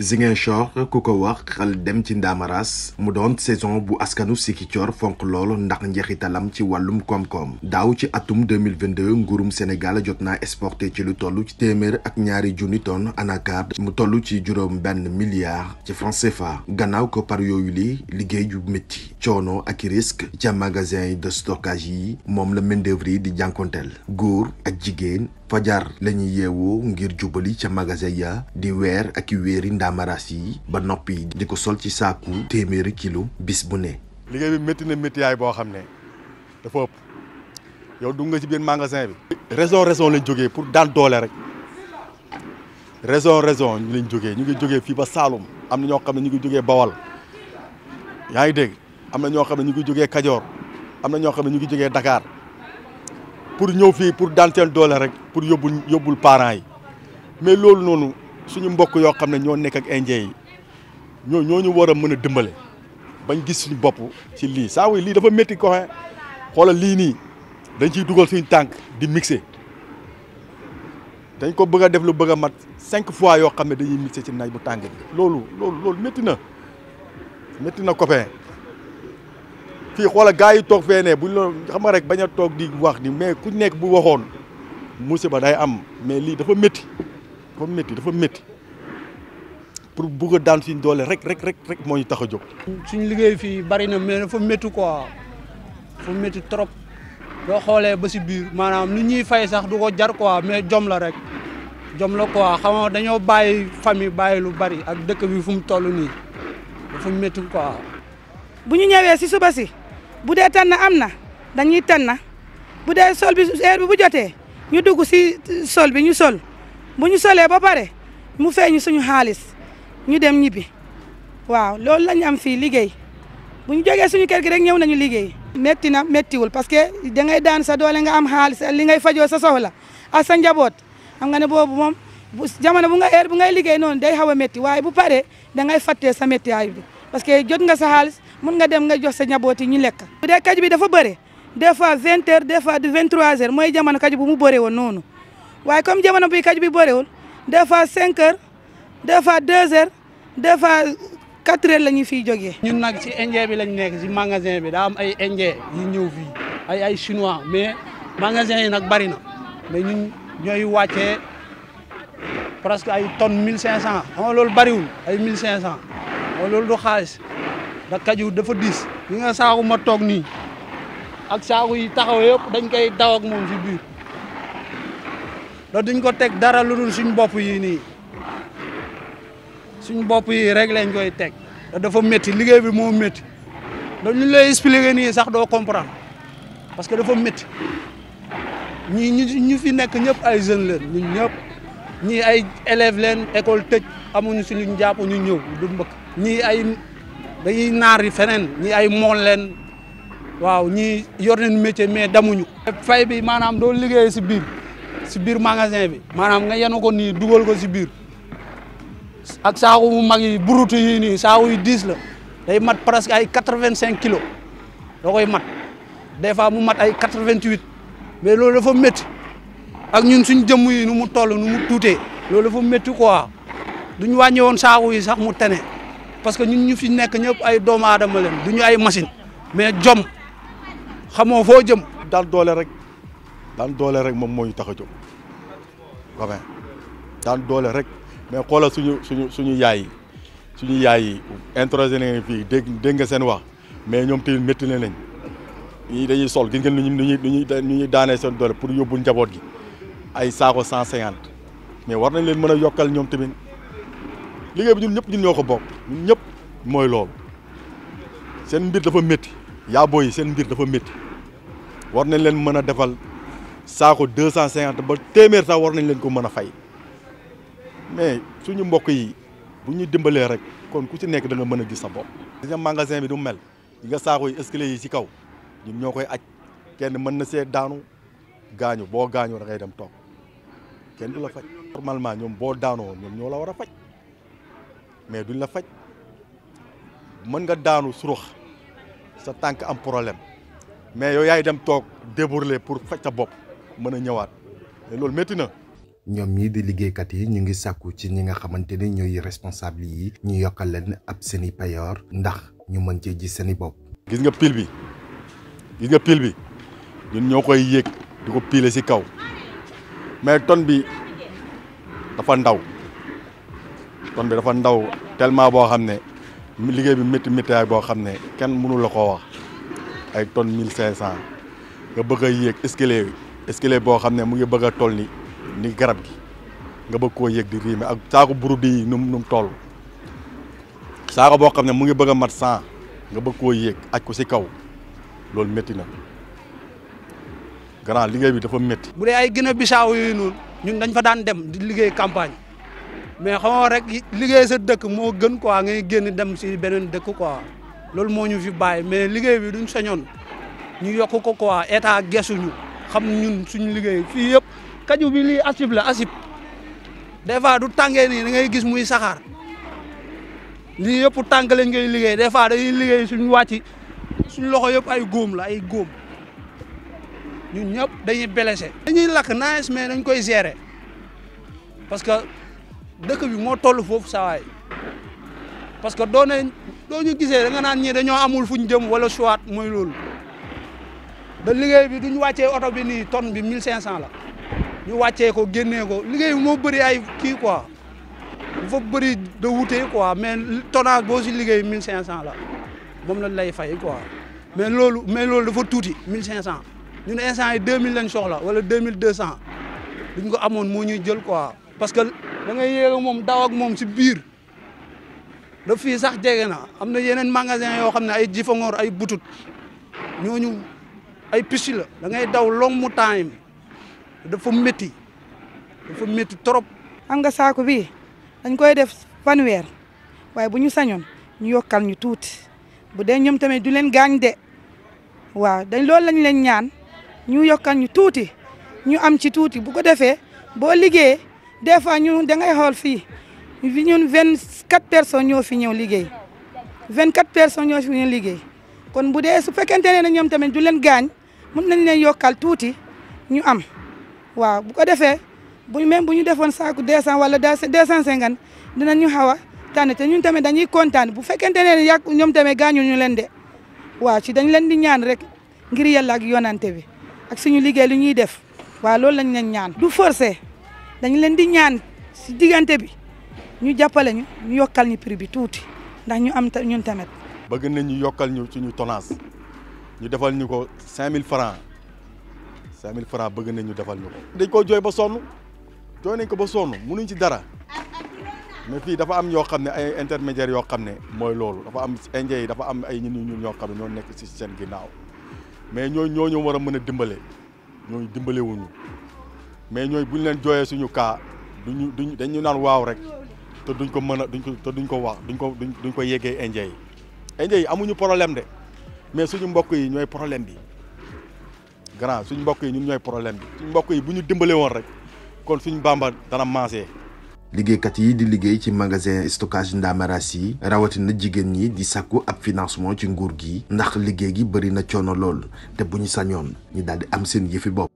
Ziguinchor ku ko wax xel dem ci Ndaamaras mu doon saison bu askanu Sikicoor fonk lool ndax njeexitalam ci wàllum koom-koom daaw ci atum 2022 nguurum Sénégal jot na exporté ci lu tollu ci téeméer ak ñaari junni tonnes mu tollu ci juróom benn milliard ci franc fa gannaaw ko par yooyu li liggéey ju métti coono ak risque ca magasin de stockage yi moom la main-d'œuvre yi di jànkonteel góor ak jigéen fajar lañuy yeewoo ngir jubali ca magasin ya di weer ak i weeri ndaamaraas yi ba noppi di ko sol ci saaku téeméeri kilo bis bu ne. liggéey bi métti na méttiyaay boo xam ne dafa ëpp yow dugg nga ci biir magasin bi. raison raison lañ jóge pour daan doole rek raison raison ñu lañ jógee ñu ngi jógee fii ba Saalum am na ñoo xam ne ñu ngi jógee Bawal yaa ngi dégg am na ñoo xam ne ñu ngi jógee Kajoor am na ñoo xam ne ñu ngi jógee dakaar pour ñëw fii pour daan seen doole rek pour yóbbul yóbbul parents yi mais loolu noonu suñu mbokk yoo xam ne ñoo nekk ak indien ñoo ñoo ñu war a mën a dimbale bañ gis suñu bopp ci lii saa wu lii dafa métti ko xoola lii nii dañ ciy dugal suñu tànk di mixé dañ ko bëgg a def lu bëgg a mat cinq fois yoo xam ne dañuy mixé ci naaj bu tàng bi loolu loolu loolu métti na metti na copain fii xoola gars yi toog fee ne buñ la xam nga rek bañ a toog di wax di mais ku nekk bu waxoon mu musiba day am mais lii dafa métti dafa métti dafa métti pour bugg a daan suñ doole rek rek rek rek moo ñu tax a jóg. suñ liggéey fii bari na mais dafa métti quoi dafa métti trop boo xoolee ba si biir maanaam lu ñuy fay sax du ko jar quoi mais jom rek jom la quoi dañoo bàyyi famille bàyyi lu bari ak dëkk bi fu mu toll nii dafa métti quoi. bu ñu ñëwee si suba si. bu dee tànn am na dañuy tànn bu dee sol bi heure bu jotee ñu dugg si sol bi ñu sol bu ñu solee ba pare mu feeñ suñu xaalis ñu dem ñibbi waaw loolu lañu am fii liggéey bu ñu jógee suñu kër gi rek ñëw nañu liggéey. métti na méttiwul parce que da ngay daan sa doole nga am xaalis li ngay fajoo sa soxla ak sa njaboot xam nga ne boobu moom bu jamono bu nga heure bu ngay liggéey noonu day xaw a métti waaye bu paree da ngay fàttee sa métti ay bi parce que jot nga sa xaalis. mun nga dem nga jox sa njaboot yi ñu lekk. bu dee kaju bi dafa bëre des fois vingt heures des fois du vingt trois heures mooy jamono kaju bu mu bëree woon noonu waaye comme jamono bi kaju bi bërewul des fois cinq heures des fois deux heures des fois quatre heures la ñu fiy jógee. ñun nag si indien bi lañ nekk si magasin bi daam ay indien yu ñëw fi ay ay chinois mais magasin yi nag bari na mais ñun ñooy wàccee presque ay tonnes mille cinq cent. xam nga bariwul ay mille cinq cent loolu du xaalis. ndax kaju dafa diis li nga saaku ma toog nii ak saaku yi taxaw yëpp dañ koy daw ak moom si biir da duñ ko teg dara lu dul suñ bopp yi nii suñ bopp yi rek lañ koy teg da dafa métti liggéey bi moo métti da ñu lay expliquer nii sax doo comprendre parce que dafa métti ñi ñu ñu fi nekk ñëpp ay jeunes leen ñu ñëpp ñii ay élèves leen école tëj amuñu si luñ jàpp ñu ñëw du mbëkk ñii ay dañuy naar yi feneen ñi ay mool leen waaw ñi yor nañu métier mais damuñu. fay bi maanaam doo liggéey si biir si biir magasin bi maanaam nga yenu ko nii dugal ko si biir ak saako bu mag yi burutu yi ni saako yu diis la day mat presque ay quatre-vingt-cinq kilos da koy mat des fois mu mat ay quatre-vingt-huit mais loolu dafa métti ak ñun suñ jëmm yi nu mu toll nu mu tuutee fo dafa métti quoi duñ wàññi woon saako yi sax mu tene. parce que ñun ñu fi nekk ñëpp ay doomu aadama leen du ñu ay machine mais jom xamoo foo jëm. daal doole rek daan doole rek moom moo ñu tax a jóg daal daan doole rek mais xoolal suñu suñu suñu yaay yi suñu yaay yi introsé nañu fii dégg dégg nga seen wax mais ñoom tamit métti na nañ ñii dañuy sol gis ngeen nu ñuy nu ñuy daanee seen doole pour yóbbul njaboot gi ay saako cent cinquante mais war nañ leen mën a yokkal ñoom tamit. liggéey bi ñun ñëpp ñun ñoo ko bokk ñun ñëpp mooy loolu seen mbir dafa metti yaa booy seen mbir dafa métti war nañ leen mën a defal saako deux cent cinquante ba téeméer sax war nañ leen ko mën a fay mais suñu mbokk yi bu ñu dimbalee rek kon ku ci nekk da mën a gis sa bopp. dina magasin bi du mel yi nga saako yi escalier yi si kaw ñun ñoo koy aj kenn mën na see daanu gaañu boo gaañoo da dem toog kenn du la faj. normalement ñoom boo daanoo ñoom ñoo la war a faj. mais duñ la faj mën nga daanu surux sa tànk am problème mais yow yaay dem toog débourler pour faj sa bopp mën a ñëwaat loolu métti na. ñoom ñii di liggéeykat yi ñu ngi sàkku ci ñi nga xamante ne ñooy responsable yi ñu yokkal leen ab seen i payoor ndax ñu mën cee gis seeni i bopp. gis nga pile bi gis nga pile bi ñun ñoo koy yéeg di ko piile si kaw mais tonne bi dafa ndaw. kon bi dafa ndaw tellement boo xam ne liggéey bi métti méttiwaay boo xam ne kenn mënu la koo wax ay tonnes mille cinq cent nga bëgg a yéeg escalier escalier boo xam ne mu ngi bëgg a toll ni ni garab gi nga bëgg koo yéeg di riime ak saako burudi yi nu mu nu toll saako boo xam ne mu ngi bëgg a mat cent nga bëgg koo yéeg aj ko si kaw loolu métti na grand liggéey bi dafa métti. bu dee ay Guinée Bissau yooyu noonu ñun dañ fa daan dem di liggéey campagne. mais xamoo rek liggéey sa dëkk moo gën quoi ngay génn dem si beneen dëkk quoi loolu moo ñu fi bàyyi mais liggéey bi duñ señoon ñu yokk ko quoi état gesuñu xam ñun suñu liggéey fii yëpp kañu bi lii asib la asib des fois du tàngee nii da ngay gis muy saxaar lii yëpp tànk lañ ngay liggéey des fois dañuy liggéey suñu wàcc suñ loxo yëpp ay góom la ay góom ñu ñëpp dañuy blessé dañuy lakk nice mais dañ koy gérer dëkk bi moo toll foofu saawaay parce que doo doo ñu gisee da nga naan ñii dañoo amul fu ñu jëm wala soit mooy loolu da liggéey bi duñ wàccee oto bi nii tonne bi 1500 la ñu wàccee ko génnee ko liggéey bi moo bëri ay kii quoi dafa bëri de wute quoi mais tonnage boo si liggéey 1500 la moom la lay fay quoi mais loolu mais loolu dafa tuuti 1500 ñun instant yi 2000 lañ soxla wala 2200 ñu ko amoon moo ñuy jël quoi parce que. dangay ngay yéeg moom daw ak moom si biir da fii sax jege na am na yeneen magasin yoo xam ne ay jifongoor ay butut ñooñu ay picc la da ngay daw long mu time dafa métti dafa métti trop. am nga saako bi dañ koy def fanweer waaye bu ñu sañoon ñu yokkal ñu tuuti bu dee ñoom tamit du leen gaañ de waaw dañ loolu lañ leen ñaan ñu yokkal ñu tuuti ñu am ci tuuti bu ko defee boo liggéeyee. des fois ñu da ngay xool fii ñun vingt quatre personnes ñoo fi ñëw liggéey vingt quatre personnes ñoo fi ñëw liggéey kon bu dee su fekkente ne ñoom tamit du leen gaañ mën nañ leen yokkal tuuti ñu am waaw bu ko defee bu même bu ñu defoon saaku deux cent wala deux cent cinquante dinañ ñu xaw a tànn te ñun tamit dañuy kontaan bu fekkente ne yàgg ñoom tamit gaañu ñu leen de waaw ci dañ leen di ñaan rek ngir yàlla ak yonante bi ak suñu liggéey lu ñuy def waaw loolu lañ leen ñaan du forcé dañ leen di ñaan si diggante bi ñu jàppale ñu yokkal ñu prix bi tuuti ndax ñu am ñun tamit. bëgg nañ ñu yokkal ñu suñu tonnage ñu defal ñu ko mille francs 5000 francs bëgg nañ ñu defal ñu ko. dañ koo jooy ba sonn jooy nañ ko ba sonn mënuñ ci dara mais fii dafa am yoo xam ne ay intermédiaire yoo xam ne mooy loolu dafa am indien yi dafa am ay ñu ñu ñun yoo xam ne ñoo nekk ci seen ginnaaw mais ñooñu ñoo ñu war a mën a dimbale ñooñu dimbale wuñu mais ñooy bu ñu leen jooyee suñu cas duñu duñ dañu naan waaw rek te duñ ko mën a duñ ko te duñ ko wax duñ ko duñ ko yeggee indien yi indien yi amuñu problème de mais suñu mbokk yi ñooy problème bi grand suñu mbokk yi ñun ñooy problème bi mbokk yi bu ñu dimbale woon rek kon suñu bamba dana maasee. liggéeykat yi di liggéey ci magasin stockage Ndamaras yi rawatina jigéen ñi di sàkku ab financement ci nguur gi ndax liggéey gi bëri na coono lool te bu ñu sañoon ñu daal di am seen yëfi bopp.